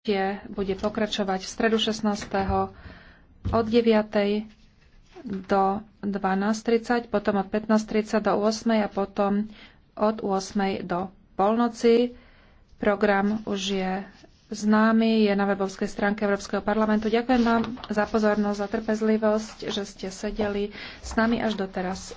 stretnutie bude pokračovať v stredu 16. od 9. do 12.30, potom od 15.30 do 8.00 a potom od 8.00 do polnoci. Program už je známy, je na webovskej stránke Európskeho parlamentu. Ďakujem vám za pozornosť, za trpezlivosť, že ste sedeli s nami až doteraz.